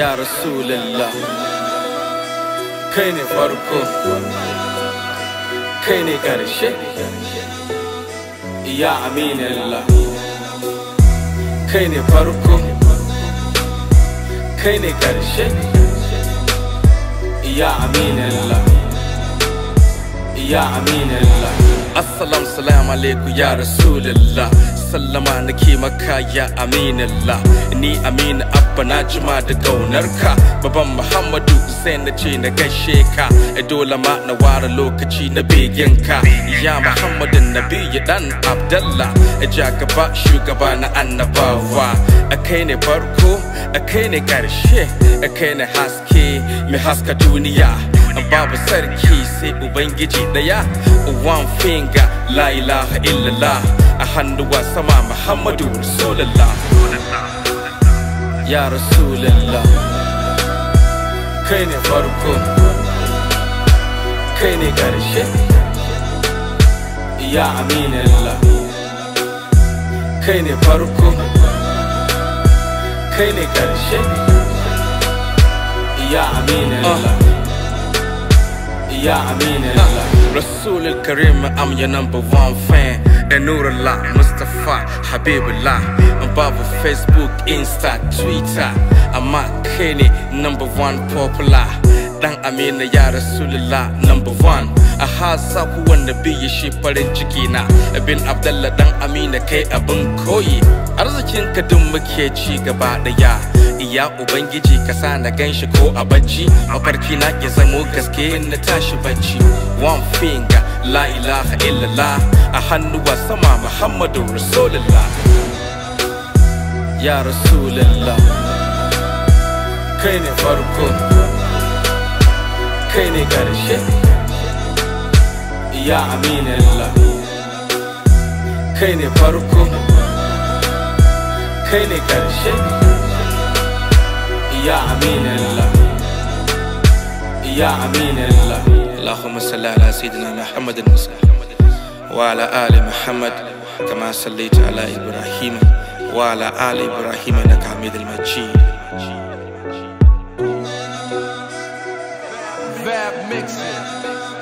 ya rasulallah kai ne farko kai ne ƙarshe ya aminallah kai ne farko kai ne ƙarshe ya aminallah ya aminallah assalam salam alaikum ya rasulallah sallama nake maka ya aminallah ni amina abba na jima da gaunarka baban muhammadu sai na ce na gaishe ka eh, dole ma na ware lokaci na ka ya muhammadin nabiya dan abdallah eh, ja gaba shugaba na annabawa kai ne farko kai ne karshe kai ne haske mai haska duniya babu sarki sai ubangiji daya one finger la ilaha illallah a hannuwa sama Muhammadu Rasulullah Ya Rasulullah Kai ne farko Kai ne ƙarshe Ya Aminallah Kai ne farko Kai ne ƙarshe Ya Aminallah Ya Aminallah Rasulul Karim I'm your number one fan ده نور الله مصطفى حبيب الله من بابو فيسبوك انستا تويتر اما كيني نمبر وان بوبولا دان امين يا رسول الله نمبر وان a hasa wanda bai shi farin ciki na bin abdalla dan amina kai abin koyi arzikin ka duk muke ci gaba daya iya ubangiji ka sa na ganshi ko a bacci mafarki na ya zamo gaske na tashi bacci one finger la ilaha illallah a hannuwa sama muhammadu rasulullah ya rasulullah kai ne farko kai ne karshe? ya الله كيني فاروكو كيني kai يا karshe الله يا ya الله اللهم صل على سيدنا محمد وعلى آل محمد كما صليت على إبراهيم وعلى آل إبراهيم إنك حميد المجيد Mixing